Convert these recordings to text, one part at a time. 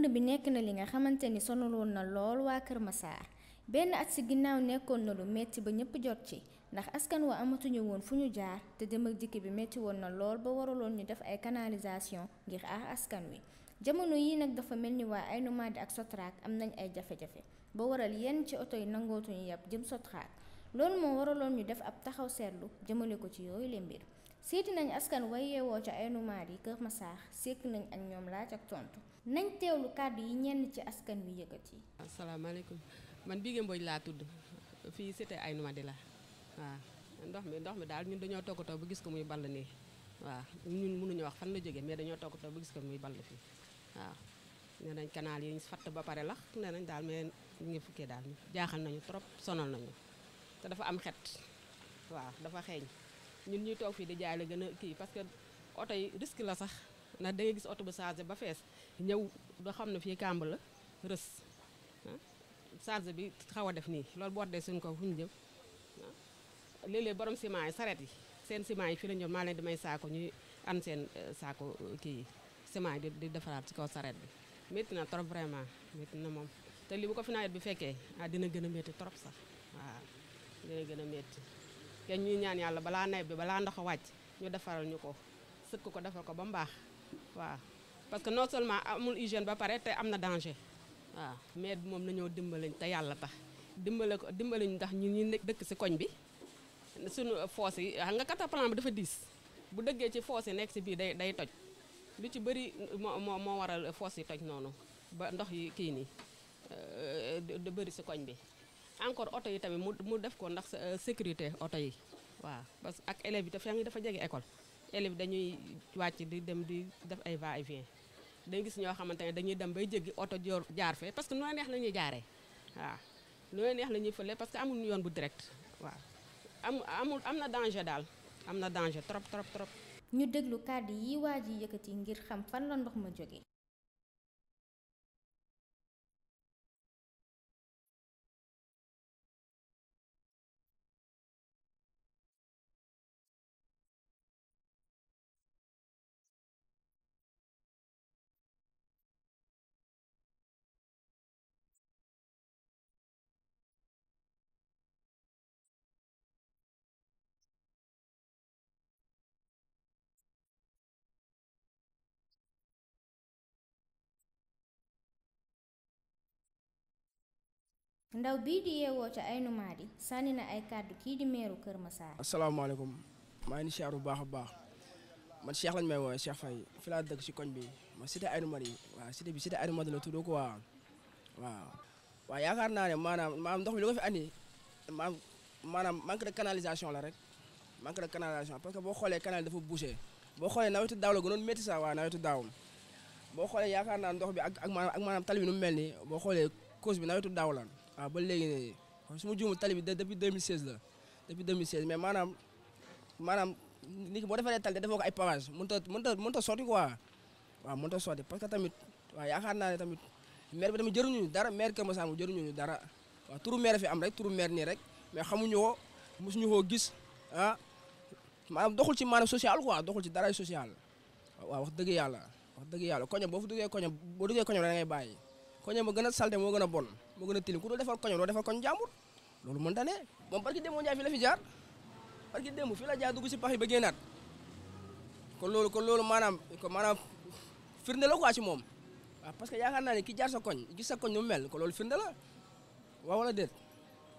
mbënd bi nekk na li nga xamante ni sonaloon na lool waa Kër Massar benn at si ginnaaw nekkoon na lu metti ba ñëpp jot ci ndax askan wa amatuñu woon fu ñu jaar te dem ak dikk bi metti woon na lool ba waraloon ñu def ay canalisation ngir aar askan wi jamono yi nag dafa mel ni waa Aïnoumady ak Sotrac am nañu ay jafe-jafe ba waral yenn ci oto yi nangootuñu yàpp jëm Sotrac loolu moo waraloon ñu def ab taxaw seetlu jëmale ko ci yooyu le mbir seeti nañ askan way yeewoo ca ay numaar yi kër masaar sekk nañ ak ñoom laaj ak tontu nañ teewlu kàddu yi ñenn ci askan wi yëkkati asalaamaaleykum man bii mboy laa tudd fii cité di la waaw ndox mi ndox mi daal ñun dañoo toggutoo ba gis ko muy ball nii waaw ñun mënuñu wax fan la jóge mais dañoo toggutoo ba gis ko muy ball fii waaw ne nañ canal yi ñu fatt ba pare lax ne nañ daal mais ñu fukkee daal jaaxal nañu trop sonal nañu te dafa am xet waaw dafa xeeñ ñun ñuy toog fii di jaay la gën a kii parce que oto yi risque la sax ndax da gis oto bu chargé ba fees ñëw doo xam ne fii kàmb la rës ah. chargé bi xaw a def nii loolu boo de suñ ko fu ñu jëm ah. léeg-léeg borom ciment yi saret yi seen ciment yi fii la ñoom maa leen di may saako ñuy an seen eh, saako eh, kii ciment yi di defaraat ci kaw saret bi métti na trop vraiment métti na moom te li bu ko fi bi fekkee ah dina gën a métti trop sax waaw dina gën a metti te ñuy ñaan yàlla balaa nawet bi balaa ndox a wàcc ñu defaral ñu ko sëkk ko defal ko ba mu baax waaw parce que non seulement amul hygiène ba pare te am na danger waaw mais moom ñëw dimbaliñ te yàlla tax dimbale ko dimbaliñ ndax ñu ñu dëkk si koñ bi suñu foos yi xam nga cataplan bi dafa diis bu dëggee ci foos yi nekk si bii day day toj lu ci bëri moo moo waral foos yi toj noonu ba ndox yi kii nii da bëri si koñ bi encore oto yi tamit mu mu def ko ndax euh, sécurité oto yi waaw parce que ak élève yi dafa dafa jege école élèves dañuy wàcc di dem di def ay va et vient dañu gis ñoo xamante ne dañuy dem bay jéggi oto joor jaar fee parce que nooy neex la ñuy jaaree waaw nooy neex la ñuy fële parce que amul yoon bu direct waaw am amul am na danger daal am na danger trop trop trop. ñu déglu kàddu yi waa ji yëkkati ngir xam fan la ndox ma jóge ndaw bii di yeewoo ca ay numaadi sànni na ay kàddu kii di meeru Kër Massar. asalaamaaleykum maa ngi siyaar bu baax a baax man Cheikh lañ may woowee Cheikh Faye si koñ bi ma cité ay numaadi waaw cité bi cité ko waaw waaw. yaakaar naa ne maanaam maanaam ndox mi lu ko fi andi maanaam maanaam canalisation la rek manque de canalisation parce que boo xoolee canal dafa bouché boo xoolee nawetu daaw la gënoon métti sax waaw nawetu daaw boo xoolee yaakaar naa ndox bi ak ak maanaam ak maanaam tali bi nu mel nii boo xoolee cause bi nawetu daaw la. waaw ah, ba léegi nii xam su ma juumul tali bi depuis 2016 la depuis 2016 mais maanaam maanaam nit ki boo defaree tali defoo ko ay pavage mënut a mënut a mënut a sotti quoi waaw mënut a sotti parce que tamit waaw yaakaar naa ne tamit maire bi tamit jëruñu dara maire Kër Masar mu jëruñu dara waaw turu maire fi am rek turu maire nii rek mais xamuñu ko mosuñu koo gis ah maanaam doxul ci maanaam social quoi doxul ci dara social waaw wax dëgg yàlla wax dëgg yàlla koñam boo fa duggee koñam boo a salté moo gën a bon moo gën a tilim ko doo defar koño doo defar koñ jàmbur loolu mënta ne moom barki démb Njaay fi la fi jaar barki démb fi la jaar dugg si pax yi ba génnaat kon loolu kon loolu maanaam kon maanaam firnde la quoi si moom waaw parce que yaakaar naa ne ki jaar sa koñ gis sa koñ nu mel kon loolu firnde la waaw wala déet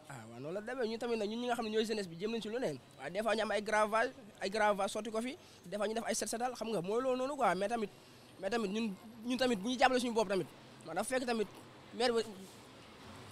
ah waaw noonu la demee ñu tamit ñun ñi nga xam ne ñooy jeunesse bi jëm nañ si lu ne waaw des fois ñu am ko fi des fois ñu def ay set setal xam nga mooy loolu noonu quoi mais tamit mais tamit ñun ñun tamit bu ñu jàppale suñu bopp tamit maanaam fekk tamit maire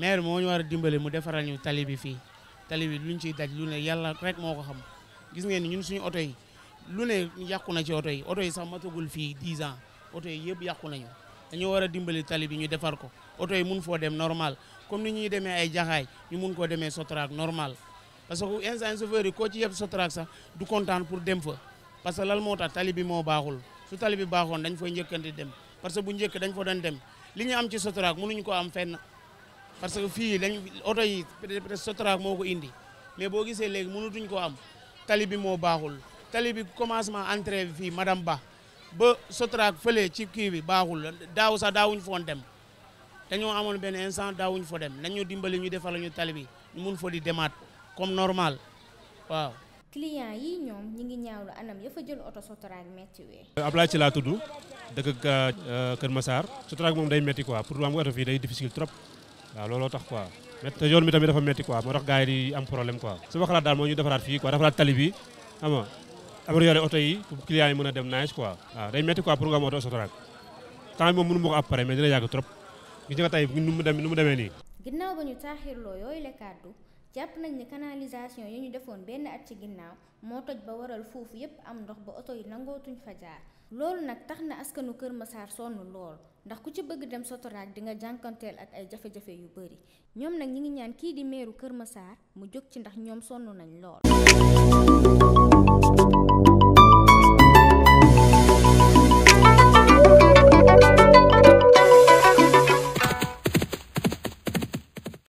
maire moo ñu war a dimbale mu defaral ñu tali bi fii tali bi luñ ciy daj lu ne yàlla rek moo ko xam gis ngeen ni ñun suñu oto yi lu ne yàqu na ci oto yi oto yi sax ma matagul fii 10 ans oto yi yëpp yàqu nañu dañoo war a dimbali tali bi ñu defar ko oto yi mun foo dem normal comme ni ñuy demee ay jaxaay ñu mun koo demee Sotrac normal parce que instant chauffeur yi koo ci yëpp Sotrac sax du kontaan pour dem fa parce que lan moo tax tali bi moo baaxul su tali bi baaxoon dañ fay njëkkante dem parce que bu njëkk dañ fa doon dem li ñu am ci Sotrac mënuñu ko am fenn parce que fii dañ oto yi peut-être sotra moo ko indi mais bo gisee léegi mënutuñ ko am tali bi moo baaxul tali bi commencement entrée bi fii madame Ba ba Sotrac fële ci kii bi baaxul daaw sa daawuñ foon dem dañoo amoon ben instant daawuñ fa dem nañu dimbali ñu defal ñu tali bi ñu mun fa di demaat comme normal waaw. client yi ñoom ñi ngi ñaawlu anam ya fa jël oto Sotrac metti wee. Euh, Ablaye ci laa tudd dëkk euh, Kër Massar Sotrac moom day metti quoi pour am oto fii day difficile trop. waaw looloo tax quoi te yoon bi tamit dafa metti quoi moo tax gars yi di am problème quoi sama xalaat daal moo ñu defaraat fii quoi defaraat tali bi xam nga améliorer oto yi pour clients yi a dem nice quoi waaw day metti quoi pour nga am oto Sotrac temps bi moom mënu ma ko après dina yàgg trop gis nga tey nu mu demee nii ginnaaw ba ñu taaxirloo yooyu la kàddu jàpp nañ ne canalisation yi ñu defoon benn at ci ginnaaw moo toj ba waral foofu yépp am ndox ba oto yi nangootuñ fa jaar loolu nag tax na askanu Kër Massar sonn lool ndax ku ci bëgg dem Sotrac di nga jànkanteel ak ay jafe-jafe yu bari ñoom nag ñi ngi ñaan kii di meeru Kër Massar mu jóg ci ndax ñoom sonn nañ lool